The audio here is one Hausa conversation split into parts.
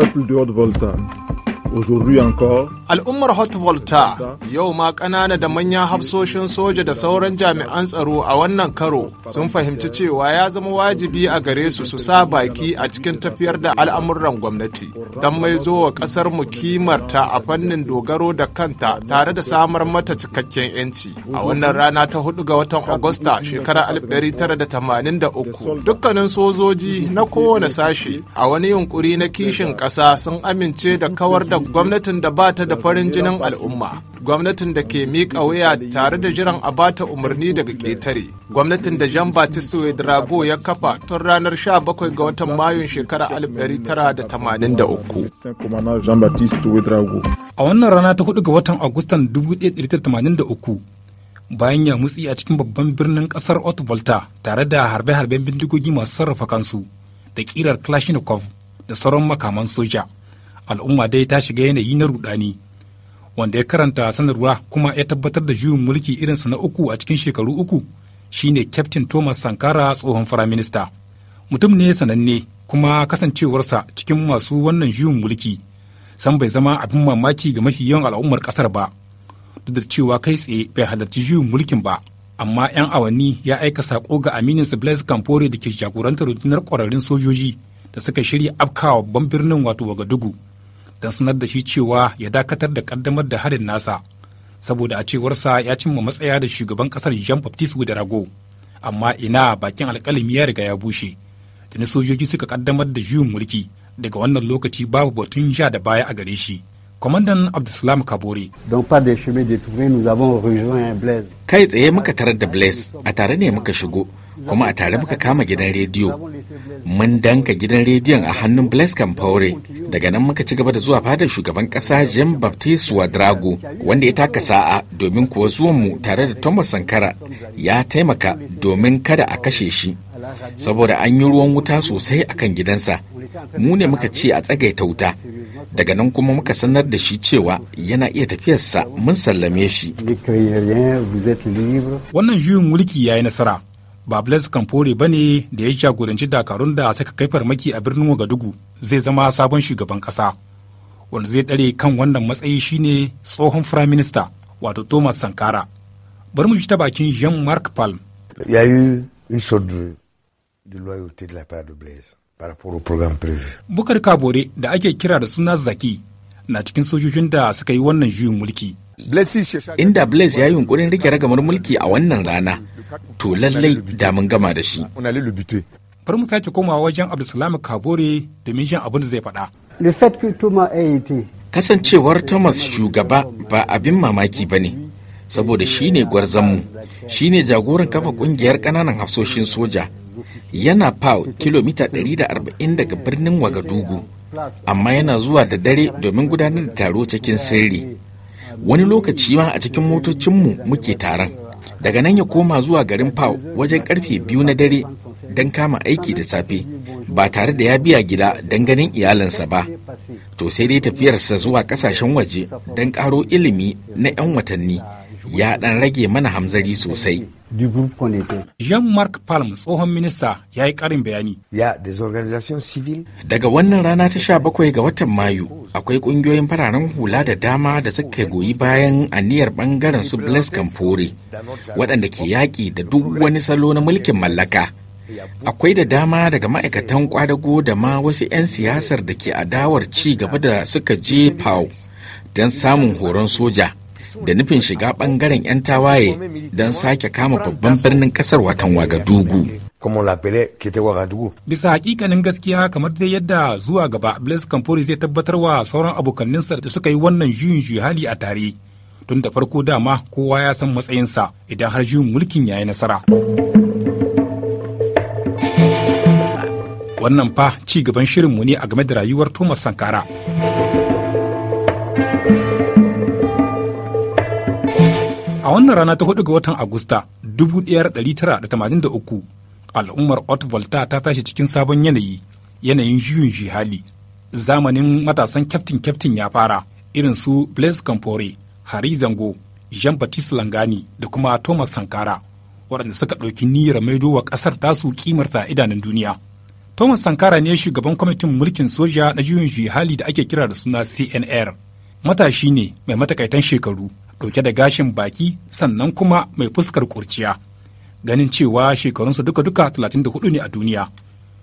peuple purple de volta. Al'ummar Hot Volta yau ma ƙanana da manyan hafsoshin soja da sauran jami'an tsaro a wannan karo sun fahimci cewa ya zama wajibi a gare su su sa baki a cikin tafiyar da al'amuran gwamnati don mai zo wa ƙasar mu kimarta a fannin dogaro da kanta tare da samar mata cikakken 'yanci. A wannan rana ta hudu ga watan Agusta shekarar 1983 dukkanin sojoji na kowane sashe a wani yunkuri na kishin ƙasa sun amince da kawar da gwamnatin da bata da farin jinin al'umma gwamnatin da ke miƙa wuya tare da jiran a bata umarni daga ƙetare gwamnatin da jean baptiste drago ya kafa tun ranar 17 ga watan mayun shekarar 1983 a wannan rana ta hudu ga watan agustan 1983 bayan ya mutsi a cikin babban birnin kasar otvolta tare da harbe-harben bindigogi masu sarrafa kansu da kirar kalashnikov da sauran makaman soja al'umma dai ta shiga yanayi na rudani wanda ya karanta sanarwa kuma ya tabbatar da juyin mulki irinsa na uku a cikin shekaru uku shine kyaftin thomas sankara tsohon firaminista mutum ne sananne kuma kasancewarsa cikin masu wannan juyin mulki san bai zama abin mamaki ga mafi yawan al'ummar kasar ba duk da cewa kai tsaye bai halarci juyin mulkin ba amma 'yan awanni ya aika sako ga aminin blaise kamfore da ke jagorantar rundunar kwararrun sojoji da suka shirya afkawa babban birnin wato wagadugu don sanar da shi cewa ya dakatar da kaddamar da harin nasa saboda a cewarsa ya cimma matsaya da shugaban kasar jean baptiste rago amma ina bakin alkalami ya riga ya bushe tuni sojoji suka kaddamar da juyin mulki daga wannan lokaci babu batun ja da baya a gare shi kwamandan abdulsalam kabore kai tsaye muka tarar da blaise a tare ne muka shigo kuma a tare muka kama gidan rediyo mun danka gidan rediyon a hannun blaise kamfaure daga nan muka ci gaba da zuwa fadar shugaban kasa jean baptiste wadrago wanda ya taka sa'a domin kuwa zuwanmu tare da thomas sankara ya taimaka domin kada a kashe shi saboda an yi ruwan wuta sosai a kan gidansa mu ne muka ce a tsagaita wuta daga nan kuma muka sanar da shi cewa yana iya tafiyarsa mun sallame shi wannan juyin mulki ya yi nasara ba blaise kamfore ba ne da ya jagoranci dakarun da suka kai farmaki a birnin wagadugu zai zama sabon shugaban ƙasa wanda zai tsare kan wannan matsayi shi ne tsohon firaminista wato thomas sankara bari mu ji ta bakin jean marc palm ya yi de la part de blaise Bukar Kabore da ake kira da suna Zaki na cikin sojojin da suka yi wannan juyin mulki. Inda Blaise ya yi yunkurin rike ragamar mulki a wannan rana, to lallai da mun gama da shi. Bari mu sake komawa wajen Abdulsalam Kabore domin jin abin da zai faɗa. Kasancewar Thomas shugaba ba abin mamaki ba ne, saboda shi ne gwarzonmu, shi ne jagoran kafa ƙungiyar ƙananan hafsoshin soja yana pau kilomita 140 daga birnin wagadugu amma yana zuwa da dare domin gudanar da taro cikin sirri wani lokaci ma a cikin motocinmu muke taron daga nan ya koma zuwa garin pau wajen karfe biyu na dare don kama aiki da safe ba tare da ya biya gida don ganin iyalinsa ba to sai dai tafiyarsa zuwa kasashen waje don karo ilimi na 'yan watanni ya ɗan rage mana hamzari sosai. Jean-Marc Palm tsohon minista ya yi ƙarin bayani. Daga wannan rana ta sha bakwai ga watan Mayu akwai ƙungiyoyin fararen hula da dama da suka goyi bayan aniyar bangaren su Blaise Campore, waɗanda ke yaƙi da duk wani salo na mulkin mallaka. Akwai da dama daga ma'aikatan kwadago da ma wasu 'yan siyasar da ke adawar ci gaba da suka je PAW don samun horon soja. da nufin shiga bangaren 'yan tawaye don sake kama babban birnin kasar watan Wagadugu. Bisa hakikanin gaskiya kamar dai yadda zuwa gaba Blaise Compaore zai tabbatar wa sauran abokaninsa da suka yi wannan juyin hali a tare. Tun da farko dama kowa ya san matsayinsa idan har juyin mulkin ya yi nasara. Wannan fa ci gaban shirin mu ne a game da rayuwar Thomas Sankara. A wannan rana ta hudu ga watan Agusta 1983, al'ummar Haute ta tashi cikin sabon yanayi, yanayin juyin hali Zamanin matasan kyaftin kyaftin ya fara, irin su Blaise Compaore, Hari Zango, Jean-Baptiste Langani da kuma Thomas Sankara, waɗanda suka ɗauki niyyar maido wa ƙasar tasu kimarta idanun duniya. Thomas Sankara ne shugaban kwamitin mulkin soja na juyin hali da ake kira da suna CNR. Matashi ne mai matakaitan shekaru, dauke da gashin baki sannan kuma mai fuskar kurciya ganin cewa shekarunsa duka-duka talatin da 34 ne a duniya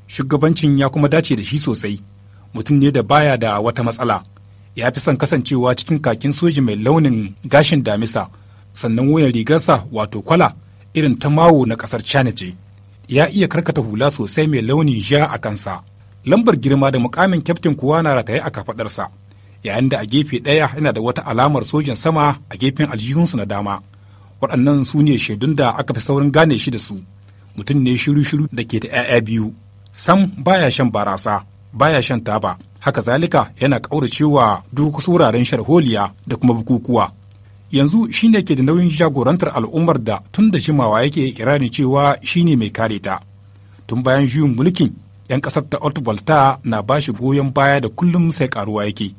shugabancin ya kuma dace da shi sosai mutum ne da baya da wata matsala ya fi son kasancewa cikin kakin soji mai launin gashin damisa sannan wuyan rigarsa wato kwala irin ta mawo na kasar china ce ya iya karkata hula sosai mai launin ja a kansa lambar girma da mukamin kyaftin kuwa na rataye a kafaɗarsa. yayin da a gefe ɗaya yana da wata alamar sojin sama a gefen aljihunsu na dama waɗannan su ne shaidun da aka fi saurin gane shi da su mutum ne shiru-shiru da ke da 'ya'ya biyu sam baya shan barasa baya shan taba haka zalika yana ƙauracewa duk wuraren sharholiya da kuma bukukuwa yanzu shi ne ke da nauyin jagorantar al'ummar da tun da jimawa yake kirarin cewa shi ne mai kare ta tun bayan juyin mulkin 'yan ƙasar ta otvolta na ba shi goyon baya da kullum sai karuwa yake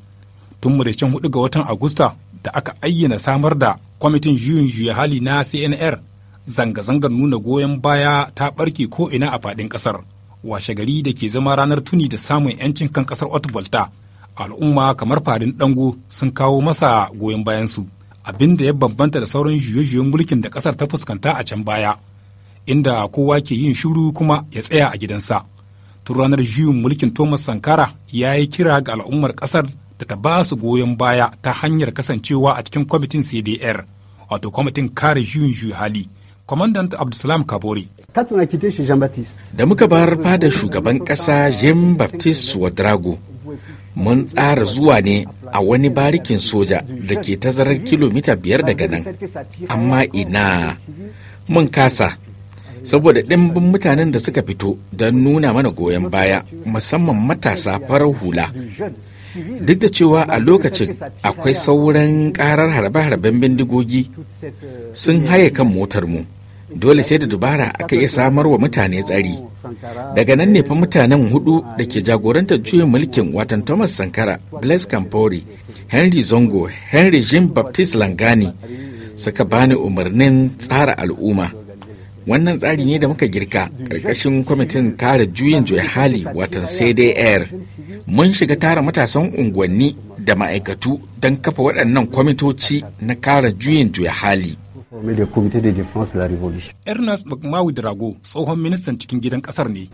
tun maraicin hudu ga watan agusta da aka ayyana samar da kwamitin juyin juya hali na cnr zanga-zangar nuna goyon baya ta barke ko'ina a fadin kasar washe gari da ke zama ranar tuni da samun 'yancin kan kasar otvolta al'umma kamar farin dango sun kawo masa goyon bayansu abin da ya bambanta da sauran juye-juyen mulkin da kasar ta fuskanta a can baya inda kowa ke yin shiru kuma ya tsaya a gidansa tun ranar juyin mulkin thomas sankara ya yi kira ga al'ummar kasar. da ta ba su goyon baya ta hanyar kasancewa a cikin kwamitin cdr wato kwamitin kare juyin hali Commandant Abdulsalam kabori Da muka bar fada shugaban kasa Jean Baptiste Wadrago, mun tsara zuwa ne a wani barikin soja da ke tazarar kilomita biyar daga nan, amma ina mun kasa. Saboda ɗimbin mutanen da suka fito don nuna mana goyon baya, musamman matasa farar hula. duk da cewa a lokacin akwai sauran karar harbe-harben bindigogi sun haye kan motar mu dole sai da dubara aka iya samar wa mutane tsari daga nan ne fa mutanen hudu da ke jagorantar juyin mulkin watan thomas sankara blaise campori henry zongo henry jean baptiste langani suka bani umarnin tsara al'umma wannan tsari ne da muka girka ƙarƙashin kwamitin kare juyin juya hali watan dai air mun shiga tara matasan unguwanni da ma'aikatu don kafa waɗannan kwamitoci na kare juyin juya hali ernest mcmawi drago tsohon ministan cikin gidan ƙasar ne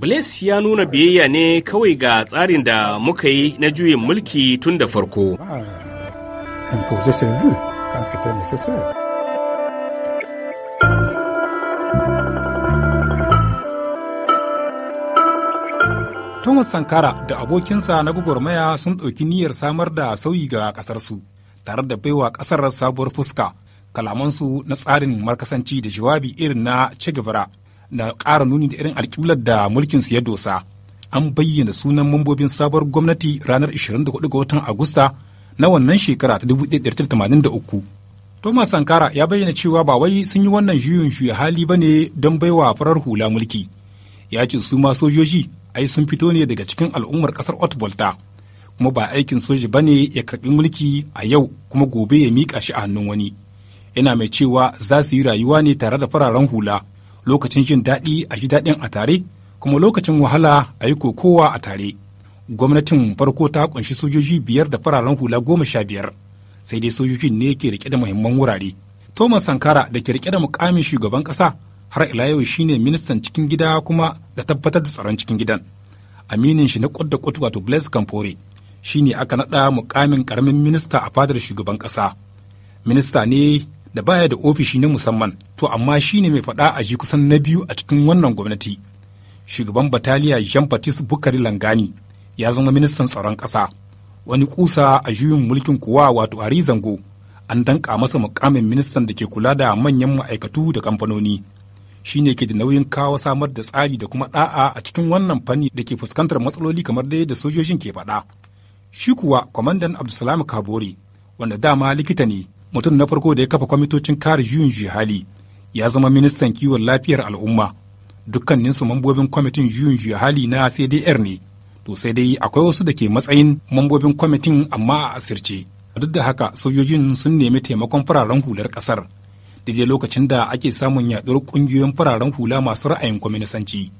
Blaise ya nuna biyayya ne kawai ga tsarin da muka yi na juyin mulki tun da farko. Ah, Thomas Sankara da abokinsa na gwagwarmaya sun ɗauki niyyar samar da sauyi ga ƙasarsu, tare da baiwa ƙasar sabuwar fuska, kalamansu na tsarin markasanci da jawabi irin na Che na ƙara nuni da irin alƙiblar da mulkinsu ya dosa. An bayyana sunan mambobin sabuwar gwamnati ranar 24 ga watan Agusta na wannan shekara ta 1983. Thomas Sankara ya bayyana cewa ba wai sun yi wannan juyin shuya hali ba ne don baiwa farar hula mulki. Ya ce su ma sojoji ai sun fito ne daga cikin al'ummar ƙasar Otvolta, kuma ba aikin soji ba ne ya karɓi mulki a yau kuma gobe ya miƙa shi a hannun wani. Yana mai cewa za su yi rayuwa ne tare da fararen hula lokacin jin daɗi a ji daɗin a tare, kuma lokacin wahala a yi kokowa a tare. Gwamnatin farko ta ƙunshi sojoji biyar da fararen hula goma sha biyar, sai dai sojojin ne ke rike da muhimman wurare. Thomas Sankara da ke rike da mukamin shugaban ƙasa har ila yau shine ministan cikin gida kuma da tabbatar da tsaron cikin gidan aminin shi na kud da wato blaise kamfore shi ne aka naɗa mukamin karamin minista a fadar shugaban ƙasa minista ne da baya da ofishi na musamman to amma shi ne mai faɗa a shi kusan na biyu a cikin wannan gwamnati shugaban bataliya jean baptiste bukari langani ya zama ministan tsaron ƙasa wani kusa a juyin mulkin kuwa wato ari zango an danƙa masa mukamin ministan da ke kula da manyan ma'aikatu da kamfanoni shine ke da nauyin kawo samar da tsari da kuma ɗa'a a cikin wannan fanni da ke fuskantar matsaloli kamar dai da sojojin ke faɗa. Shi kuwa kwamandan Abdulsalam Kabore wanda dama likita ne mutum na farko da ya kafa kwamitocin kare juyin jihali ya zama ministan kiwon lafiyar al'umma dukkaninsu mambobin kwamitin juyin jihali na CDR ne to sai dai akwai wasu da ke matsayin mambobin kwamitin amma a asirce duk da haka sojojin sun nemi taimakon fararen hular kasar daidai lokacin da ake samun yaɗuwar ƙungiyoyin fararen hula masu ra'ayin kwaminisanci.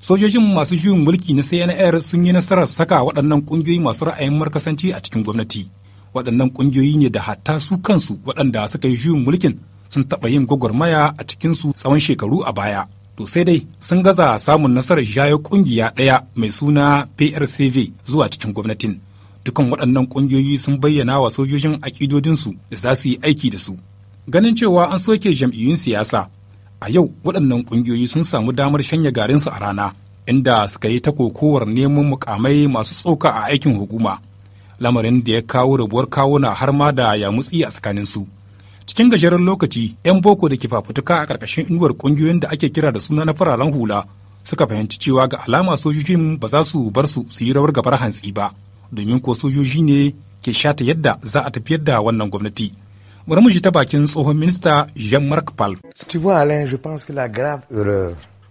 Sojojin masu juyin mulki na CNR sun yi nasarar saka waɗannan ƙungiyoyi masu ra'ayin markasanci a cikin gwamnati. Waɗannan ƙungiyoyi ne da hatta su kansu waɗanda suka yi juyin mulkin sun taɓa yin gwagwarmaya a cikinsu tsawon shekaru a baya. To sai dai sun gaza samun nasarar shayar ƙungiya ɗaya mai suna PRCV zuwa cikin gwamnatin. Dukan waɗannan ƙungiyoyi sun bayyana wa sojojin aƙidodinsu da za su yi aiki da su. ganin cewa an soke jam'iyyun siyasa a yau waɗannan ƙungiyoyi sun samu damar shanya garinsu a rana inda suka yi ta kokowar neman mukamai masu tsoka a aikin hukuma lamarin da ya kawo rabuwar kawuna har ma da yamutsi a tsakaninsu cikin gajeren lokaci 'yan boko da ke fafutuka a ƙarƙashin inuwar ƙungiyoyin da ake kira da suna na fararen hula suka fahimci cewa ga alama sojojin ba za su bar su su yi rawar gabar hantsi ba domin ko sojoji ne ke shata yadda za a tafiyar da wannan gwamnati bari mu ji ta bakin tsohon minista Jean-Marc Pal.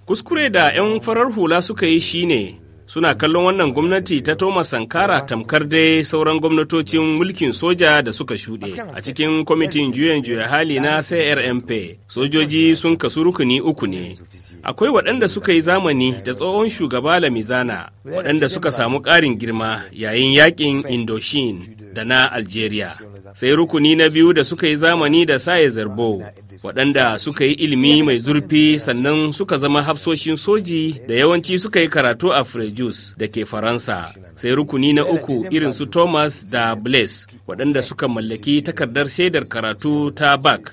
Kuskure da 'yan farar hula suka yi shine suna kallon wannan gwamnati ta Thomas Sankara tamkar dai sauran gwamnatocin mulkin soja da suka shuɗe. A cikin kwamitin juyen juya hali na CRMP, sojoji sun kasu rukuni uku ne. Akwai waɗanda suka yi zamani da tsohon shugaba Lamizana, waɗanda suka samu ƙarin girma yayin yaƙin Indoshin, da na Algeria. Sai rukuni na biyu da suka yi zamani da Saye Zerbo waɗanda suka yi ilimi mai zurfi sannan suka zama hafsoshin soji da yawanci suka yi karatu a Frejus da ke Faransa, sai rukuni na uku irin su Thomas da Blaise waɗanda suka mallaki takardar shaidar karatu ta Bak,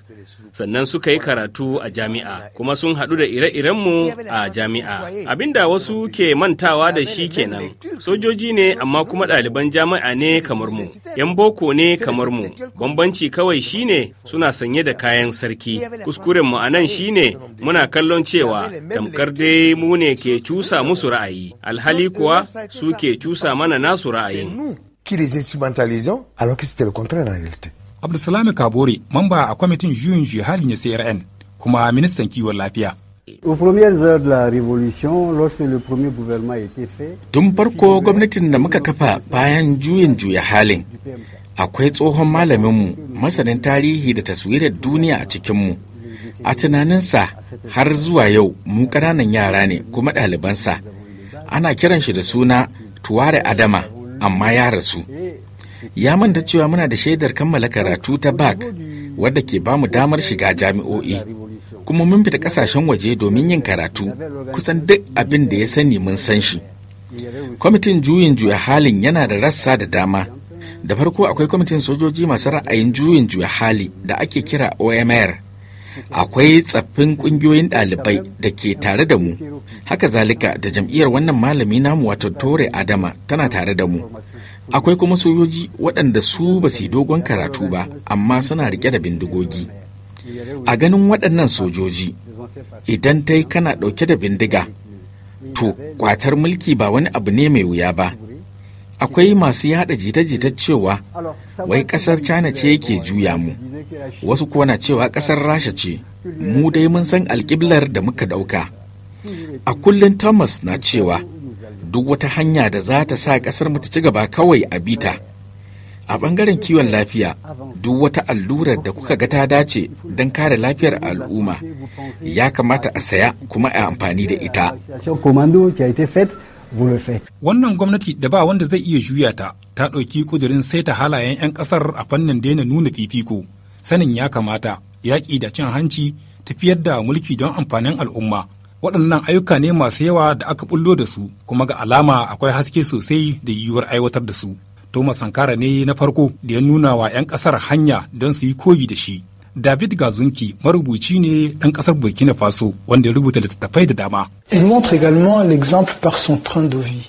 sannan suka yi karatu a jami'a, kuma sun haɗu da ire-irenmu a jami'a. Abinda wasu ke mantawa da shi kenan, sojoji ne amma kuma ɗaliban jami'a ne kamar mu, 'yan boko ne kamar mu, bambanci kawai shi ne suna sanye da kayan sarki. kuskuren kuskurenmu a nan shine muna kallon cewa tamkar dai mu ne ke cusa musu ra'ayi alhali kuwa su ke cusa mana nasu ra'ayin abdulsalami kabore mamba a kwamitin juyin jihali ne crn kuma ministan kiwon lafiya Tun farko gwamnatin da muka kafa bayan juyin juya halin akwai tsohon malaminmu masanin tarihi da taswirar duniya a cikinmu a tunaninsa har zuwa yau mu ƙananan yara ne kuma ɗalibansa ana kiran shi da suna tuware adama amma ya rasu ya manta cewa muna da shaidar kammala karatu ta bak wadda ke bamu damar shiga jami'o'i kuma mun fita kasashen waje domin yin karatu kusan duk abin da ya sani mun san shi kwamitin juyin juya halin yana da rassa da dama da farko akwai kwamitin sojoji masu ra'ayin juyin juya hali da ake kira omr akwai tsaffin kungiyoyin ɗalibai da ke tare da mu haka zalika da jam'iyyar wannan malami namu wato tore adama tana tare da mu akwai kuma sojoji waɗanda su ba su dogon karatu ba amma suna rike da bindigogi a ganin waɗannan sojoji idan tai kana ɗauke da bindiga to kwatar mulki ba wani abu ne mai wuya ba akwai masu yada jita-jita cewa wai kasar china ce yake juya mu wasu kuwa na cewa kasar rasha ce mu dai mun san alkiblar da muka dauka a kullum thomas na cewa duk wata hanya da za ta sa kasar mu ta ci gaba kawai a bita a bangaren kiwon lafiya duk wata allurar da kuka ga ta dace don kare lafiyar al'umma ya kamata a saya kuma a amfani da ita Wannan gwamnati da ba wanda zai iya juya ta, ta ɗauki ƙudurin saita halayen 'yan ƙasar a fannin daina nuna fifiko, sanin ya kamata, yaƙi da cin hanci, tafiyar da mulki don amfanin al'umma. Waɗannan ayyuka ne masu yawa da aka bullo da su, kuma ga alama akwai haske sosai da yiwuwar aiwatar da su. Thomas Sankara ne na farko da ya nuna wa 'yan ƙasar hanya don su yi koyi da shi. David Gazunki marubuci ne ɗan ƙasar Burkina Faso wanda ya rubuta littattafai da dama.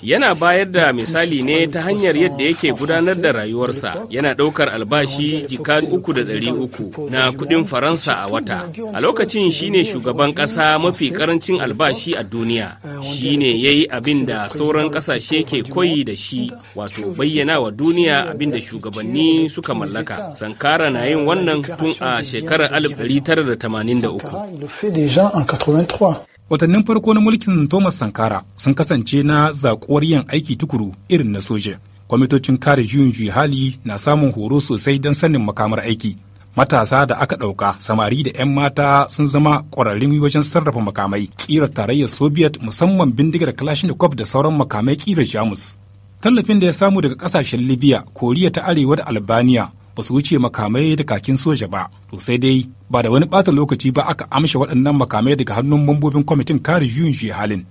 Yana bayar da misali ne ta hanyar yadda yake gudanar da rayuwarsa yana ɗaukar albashi jika uku da ɗari uku na kuɗin Faransa a wata. A lokacin shine shugaban ƙasa mafi ƙarancin albashi a duniya. shi ne ya yi abin da sauran ƙasashe ke koyi da shi wato bayyana wa duniya abin da shugabanni suka mallaka. Sankara na yin wannan tun a shekarar 1983. Watannin farko na mulkin Thomas Sankara sun kasance na zakuwar yin aiki tukuru irin na soja. Kwamitocin kare juyin juyi hali na samun horo sosai don sanin makamar aiki. Matasa da aka ɗauka samari da 'yan mata sun zama ƙwararrun wajen sarrafa makamai ƙirar tarayyar Soviet musamman bindigar Kalashnikov da sauran makamai ƙirar Jamus. Tallafin da ya samu daga ƙasashen Libya, Koriya ta Arewa da albaniya. ba su wuce makamai da kakin soja ba to sai dai ba da wani bata lokaci ba aka amsha waɗannan makamai daga hannun mambobin kwamitin kare juyin shi halin.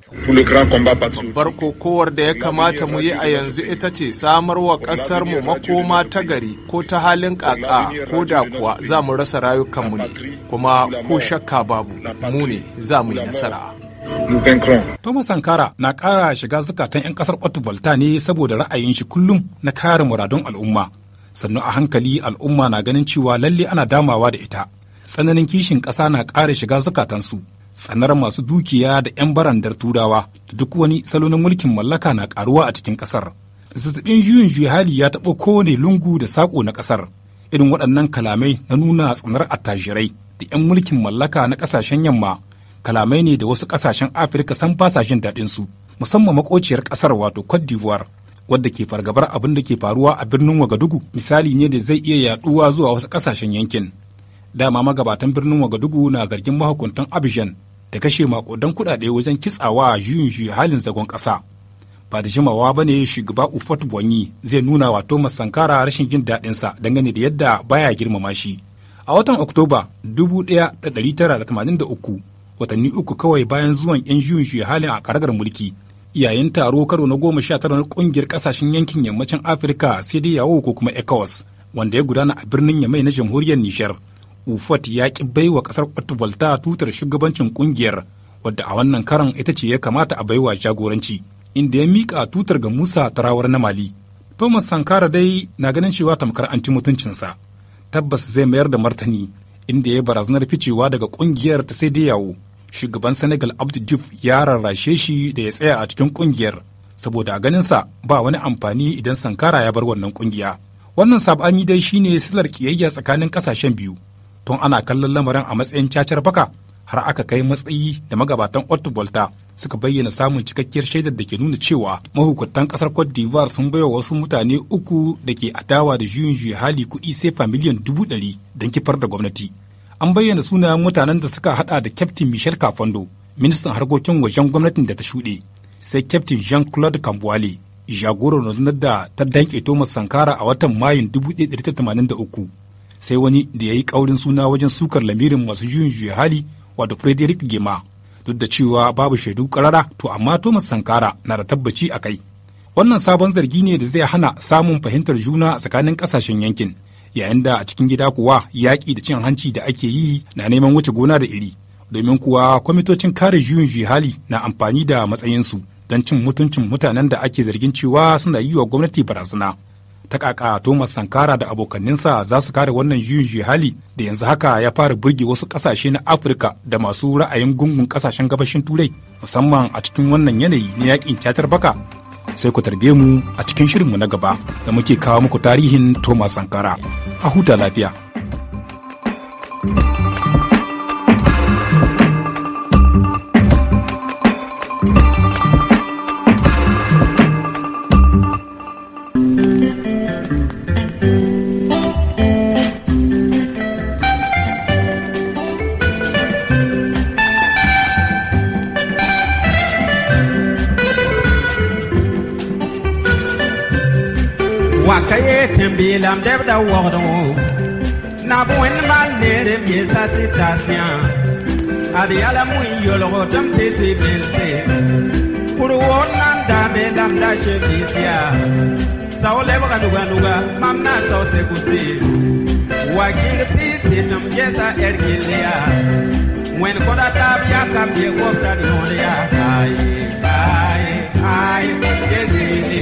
Babbar kokowar da ya kamata mu yi a yanzu ita ce samar wa ƙasar mu makoma ta gari ko ta halin ƙaƙa ko da kuwa za mu rasa rayukanmu ne kuma ko shakka babu mu ne za mu yi nasara. Thomas Sankara na ƙara shiga zukatan 'yan ƙasar balta ne saboda ra'ayin shi kullum na kare muradun al'umma sannu a hankali al'umma na ganin cewa lalle ana damawa da ita tsananin kishin ƙasa na ƙara shiga zukatansu tsanar masu dukiya da 'yan barandar turawa da duk wani salonin mulkin mallaka na ƙaruwa a cikin ƙasar zazzaɓin juyin juya hali ya taɓa kowane lungu da saƙo na ƙasar irin waɗannan kalamai na nuna tsanar attajirai da 'yan mulkin mallaka na ƙasashen yamma kalamai ne da wasu ƙasashen afirka san fasashen daɗinsu musamman maƙociyar ƙasar wato cote d'ivoire wadda ke fargabar abin da ke faruwa a birnin Wagadugu misali ne da zai iya yaduwa zuwa wasu kasashen yankin. Dama magabatan birnin Wagadugu na zargin mahukuntan Abidjan da kashe makudan kudade wajen kitsawa juyin juyi halin zagon kasa Ba da jimawa ba ne shugaba Ufot Bonyi zai nuna wa Thomas Sankara rashin jin daɗinsa dangane da yadda baya girmama shi. A watan Oktoba 1983 watanni uku kawai bayan zuwan 'yan juyin juyi halin a karagar mulki yayin taro karo na goma sha tara na kungiyar kasashen yankin yammacin afirka yawo ko kuma ecowas wanda ya gudana a birnin yamai na jamhuriyar nijar ufot ya ki baiwa kasar kwatubalta tutar shugabancin kungiyar wadda a wannan karan ita ce ya kamata a baiwa jagoranci inda ya mika tutar ga musa tarawar na mali thomas sankara dai na ganin cewa tamkar an ci mutuncinsa tabbas zai mayar da martani inda ya barazanar ficewa daga kungiyar ta sai dai yawo shugaban senegal abdou diouf ya rarrashe shi da ya tsaya a cikin kungiyar saboda a ganinsa ba wani amfani idan sankara ya bar wannan kungiya wannan yi dai shine silar kiyayya tsakanin kasashen biyu tun ana kallon lamarin a matsayin cacar baka har aka kai matsayi da magabatan Otto Volta suka bayyana samun cikakkiyar shaidar da ke nuna cewa mahukuntan kasar Cote d'Ivoire sun baiwa wasu mutane uku da ke adawa da juyin juya hali kuɗi sefa miliyan dubu ɗari don kifar da gwamnati. an bayyana sunayen mutanen da suka hada da kyaftin michel kafando ministan harkokin wajen gwamnatin da ta shuɗe sai kyaftin jean claude kambuwale jagoran rundunar da ta danke thomas sankara a watan mayun 1983 sai wani da ya yi ƙaurin suna wajen sukar lamirin masu juyin juya hali wato frederick gema duk da cewa babu shaidu karara to amma thomas sankara na da tabbaci a kai wannan sabon zargi ne da zai hana samun fahimtar juna tsakanin ƙasashen yankin yayin da a cikin gida kuwa yaƙi da cin hanci da ake yi na neman wuce gona da iri domin kuwa kwamitocin kare juyin jihali na amfani da matsayinsu don cin mutuncin mutanen da ake zargin cewa suna yi wa gwamnati barazana ta kaka thomas sankara da abokaninsa za su kare wannan juyin jihali da yanzu haka ya fara burge wasu kasashe na afirka da masu ra'ayin gungun kasashen gabashin turai musamman a cikin wannan yanayi na yakin catar baka sai ku tarbe mu a cikin shirinmu na gaba da muke kawo muku tarihin Thomas Sankara. A huta lafiya. lam deb da wogdo na bwen ma nere mi sa sitation ad yala mu yolgo tam te se bense kuru wonan da be lam da shebisia sao leb ga nuga nuga mam na sao se gusi wakil pi se tam jesa ergilia wen koda tab ya kam ye wopta di hon ya ai ai ai yesi ni